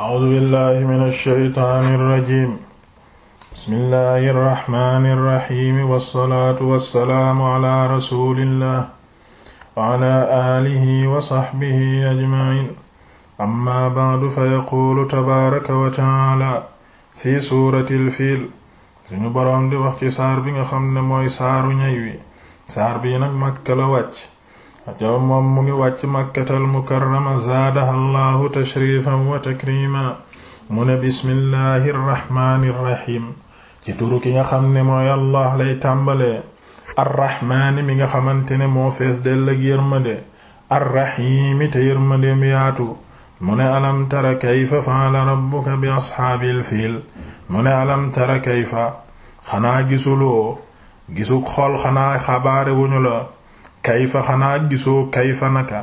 A'uuzu billaahi mina shaytaani rajiim. Bismillaahi rahmaani rahiim. Wassalaatu wassalaamu alaa rasuulillaah wa alaa aalihi wa sahbihi ajma'iin. Ammaa ba'du fa yaquulu tabaaraka wa ta'aalaa fi suuratil fiil. Suñu boroom di wax ci saar bi nga xam ne mooy saaru ñay wi. Saar bi nag Makka la wàcc. atew moom mu ngi wàcc makkatal mukarrama zaadaha allahu tashrifan wa takrima mu ne bismillahi irrahmani irrahim ci nga xam ne mooy allah lay mi nga xamante ne moo fees dell ak yërmande arrahimi te yërmandeem yaatu mu ne alam tara kayfa faala rabbuka bi ashaabil fiil mu ne alam tara kayfa xanaa gisuloo gisuk xol xanaa xabaare wuñu la kayfa xanaa gisoo kayfa naka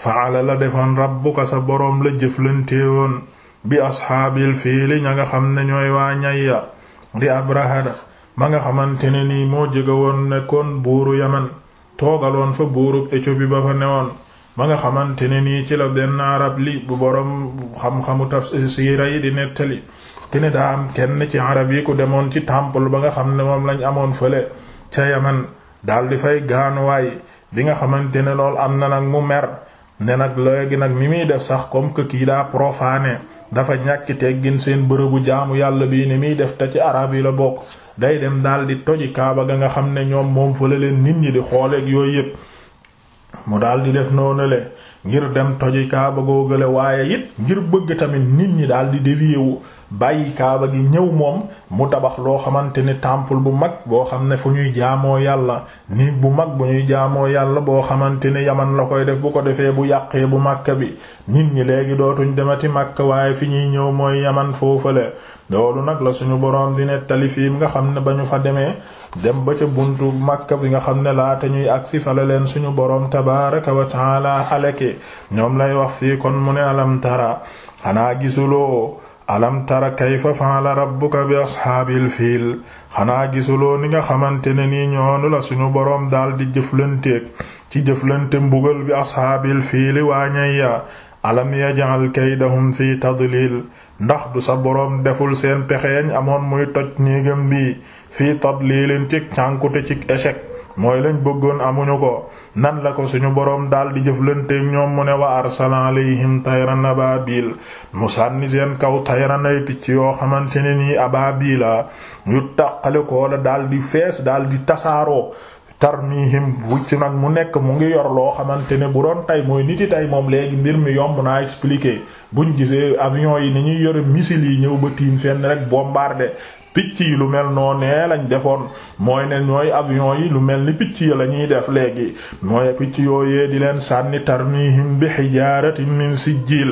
faala la defoon rabbuka sa boroom la jëflanteewoon bi asxaabil fiili ña nga xam ne ñooy waa ñayya di abrahada ma nga xamante ne nii moo jege woon nekkoon buuru yaman toogaloon fa buurub Éthiopie ba fa newoon ma nga xamante ne nii ci la benn arab li bu boroom xam-xamu tafsiira yi di nettali kene daa am kenn ci arab yi ku demoon ci temple ba nga xam ne moom lañ amoon fële ca yaman daal di fay gaanuwaay bi nga xamante ne lool am na nag mu mer ne nag léegi nag mi muy def sax comme que kii daa profané dafa ñàkk teggin seen bërëbu jaamu yàlla bi ni muy def te ci araab yi la bokk day dem daal di toji kaaba ga nga xam ne ñoom moom fa la leen nit ñi di xooleek yooyu yëpp mu daal di def noonu le ngir dem toji kaaba googale waaye it ngir bëgg tamit nit ñi daal di dévier wu bàyyi kaaba gi ñëw moom mu tabax loo xamante ni temple bu mag boo xam ne fu ñuy jaamoo yàlla néeg bu mag bu ñuy jaamoo yàlla boo xamante ni yaman la koy def bu ko defee bu yàqee bu màkk bi nit ñi léegi dootuñ demati màkk waaye fi ñuy ñëw mooy yaman foofale loolu nag la suñu boroom di nettali fii nga xam ne ba ñu fa demee dem ba ca buntu màkk bi nga xam ne laata ñuy agsi fa la leen suñu boroom tabaaraka a taala aleke ñoom lay wax fii kon mu ne alam tara xanaa alam tara kayfa fa'ala rabbuka bi ashaabil fiil xanaa gisuloo ni nga xamante ne nii ñoonu la suñu boroom daal di jëflanteeg ci jëflante mbugal bi ashaabil fiili waa ñay ya alam yaj'al kaydahum fi tadlil ndax du sa boroom deful seen pexeeñ amoon muy toj néegam bi fii tadlilin ci cànkute ci échec mooy lañ bëggoon amuñu ko nan la ko suñu boroom daal di jëflanteeg ñoom mu ne wa arsala alayhim tayran ababil mu sànni seen kaw tayran ay picc yoo xamante ne nii ababila ñu tàqale ko la daal di fees daal di tasaaroo tarmihim wucc nag mu nekk mu ngi yor loo xamante ne bu doon tey mooy niti tey moom léegi mbir mi yomb naa expliquer buñ gisee avion yi ni ñuy yore missiles yi ñëw ba tiim fenn rek bombardé picc yi lu mel noo nee lañ defoon mooy ne ñooy avion yi lu mel ni picc yi la ñuy def léegi mooy picc yooyee di leen sànni tarmihim bi hijaaratin min sijjil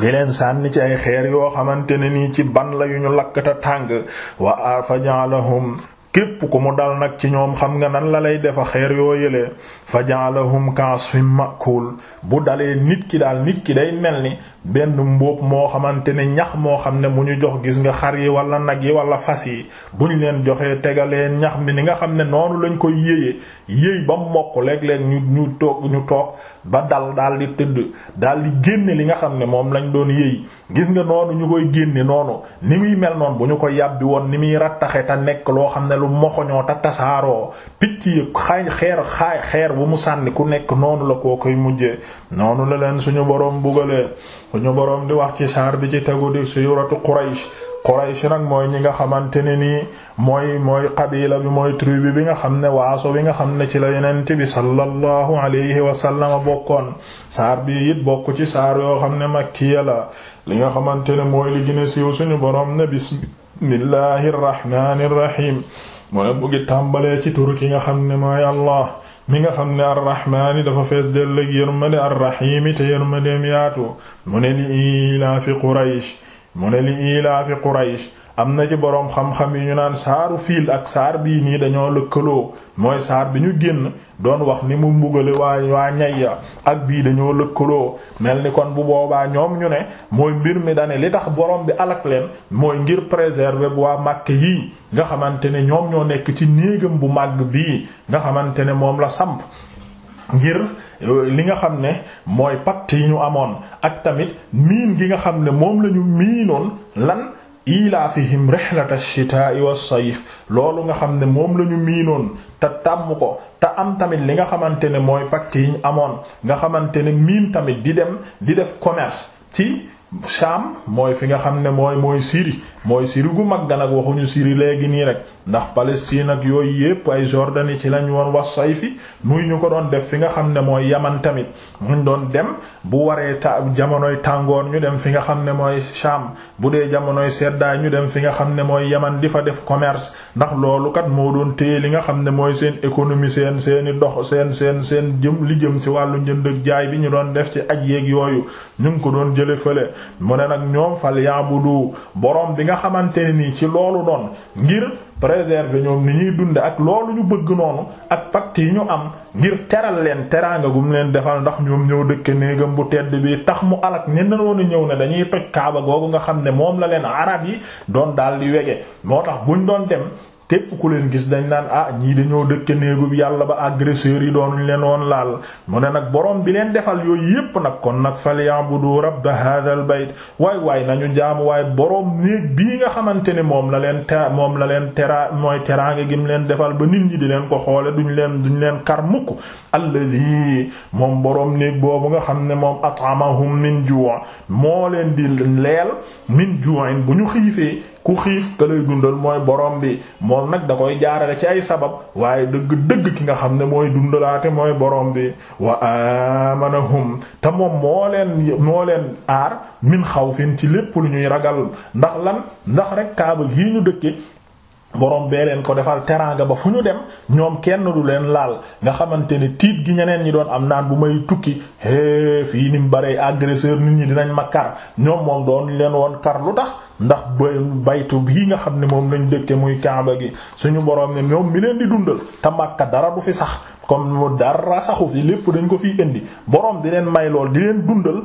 li leen sànni ci ay xeer yoo xamante ne nii ci ban la yu ñu lakkata tàng wa fajaalahum képp ku mu dal nag ci ñoom xam nga nan la lay defa xeer yoo yëlee fa jaalahum kaasfim makul bu dalee nit ki daal nit ki day mel ni benn mbóob moo xamante ne ñax moo xam ne mu ñu jox gis nga xar yi wala nag yi wala fas yi bu ñu leen joxee tegaleen ñax mi ni nga xam ne noonu lañ koy yéyee yéy ba mokk léeg leen ñu ñu toog ñu toog ba dal daal di tëdd daal di génne li nga xam ne moom lañ doon yéy gis nga noonu ñu koy génne noonu ni muy mel noonu bu ñu ko yàbbi woon ni muy rattaxe te nekk loo xam ne lu moxoñoo te tasaaroo picc yi xaay xeer xaay xeer bu mu sànni ku nekk noonu la koo koy mujje noonu la leen suñu borom bugalee ñu boroom di wax ci saar bi ci tegu di suratu Quraysh Quraysh nag mooy ñi nga xamante ne nii mooy mooy qabila bi mooy tribu bi nga xam ne waaso bi nga xam ne ci la yonent bi sallallahu alayhi wa sallam bokkoon saar bi it bokk ci saar yoo xam ne makkiya la li nga xamante ne mooy li gën a suñu boroom ne bismillahir rahmanir rahim mu ne bu ngi tàmbalee ci tur ki nga xam ne mooy Allah mi nga xam ne arrahmaani dafa fees dell ak yërmande arrahiimi te yërmandeem yaatu mu ne li ilaafi Quraysh mu ne li ilaafi Quraysh am na ci boroom xam-xam yi ñu naan saaru fiil ak saar bii nii dañoo lëkkaloo mooy saar bi ñu génn doon wax ni mu mbugale waa waa ñayya ak bii dañoo lëkkaloo mel ni kon bu boobaa ñoom ñu ne mooy mbir mi dane li tax borom bi alak leen mooy ngir préserver bu waa màkke yi nga xamante ne ñoom ñoo nekk ci néegam bu màgg bii nga xamante ne moom la samp ngir euh, li nga xam ne mooy patt yi ñu amoon ak tamit miin gi nga xam ne moom lañu ñu miinoon lan ilaafihim rihlata shitaa'i was-sayf loolu nga xam ne moom la ñu miinoon te tàmm ko te am tamit li nga xamante ne mooy pacte yi ñu amoon nga xamante ne miin tamit di dem di def commerce ci Sham mooy fi nga xam ne mooy mooy Syrie mooy Syrie gu mag gan ak waxuñu Syrie léegi nii rek. ndax Palestine ak yooyu yépp ay Jordanie ci lañ woon was sayfi muy ñu ko doon def fi nga xam ne mooy Yaman tamit muñ doon dem bu waree ta jamonoy tàngoor ñu dem fi nga xam ne mooy Sham bu dee jamonoy seddaay ñu dem fi nga xam ne mooy Yaman di fa def commerce ndax loolu kat moo doon téye li nga xam ne mooy seen économie seen seeni dox seen seen seen jëm li jëm ci wàllu njënd jaay bi ñu doon def ci aj yeeg yooyu ñu ngi ko doon jële fële mu ne nag ñoom fal du boroom bi nga xamante ni ci loolu doon ngir préserver ñoom ni ñuy dunde ak loolu ñu bëgg noonu ak pacte yi ñu am ngir teral leen teraanga gum leen defal ndax ñoom ñëw dëkk néegam bu tedd bi tax mu alak ñenn woon a ñëw ne dañuy toj kaaba googu nga xam ne moom la leen arab yi doon daal di wege moo tax buñ doon dem képp ku leen gis dañ naan ah ñii dañoo dëkk néegub yàlla ba agresseurs yi ñu leen woon laal mu ne nag boroom bi leen defal yooyu yépp nag kon nag falyabudu rabb hadhal bayt waay waay nañu jaamu waay borom néeg bii nga xamante ne moom la leen ta moom la leen tera mooy teraange gim leen defal ba nit ñi di leen ko xoole duñu leen duñ leen kar mukk allazi moom boroom néeg boobu nga xam ne moom at'amahum min ju' moo leen di leel min ju'in bu ñu xiifee ku xiif ka moom nag da koy jaarale ci ay sabab waaye dëgg-dëgg ki nga xam ne mooy dundalaate mooy boroom bi wa amanahum te moom moo leen moo leen aar min xaw fiin ci lépp lu ñuy ragal ndax lan ndax rek kaaba gii ñu dëkke borom bee leen ko defal teraanga ba fu ñu dem ñoom kenn du leen laal nga xamante ne tiit gi ñeneen ñi doon am naan bu may tukki hee fii ni mu baree agresseur nit ñi dinañ ma kar ñoom moom doon leen woon kar lu tax ndax baytu bii nga xam ne moom lañ dëkke muy kaaba gi suñu borom ne ñoom mi leen di dundal te Makka dara du fi sax kon mu dara saxu fi lépp dañ ko fiy indi borom di leen may lool di leen dundal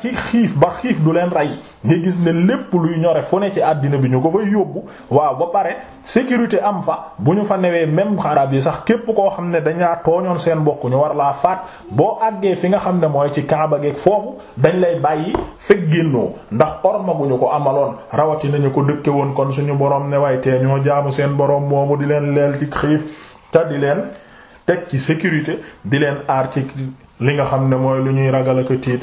ci xiif ba xiif du leen rey nga gis ne lépp luy ñore fu ne ci àddina bi ñu ko fay yóbbu waaw ba pare sécurité am fa bu ñu fa newee même xarab yi sax képp koo xam ne dañaa tooñoon seen mbokk ñu war laa faat boo àggee fi nga xam ne mooy ci Kaaba geek foofu dañ lay bàyyi fekk génnoo ndax orma bu ñu ko amaloon rawati nañu ko dëkke woon kon suñu borom ne way tee ñoo jaamu seen borom moomu di leen leel ci xiif te di leen teg ci sécurité di leen aar ci li nga xam ne mooy lu ñuy ragal ko tiit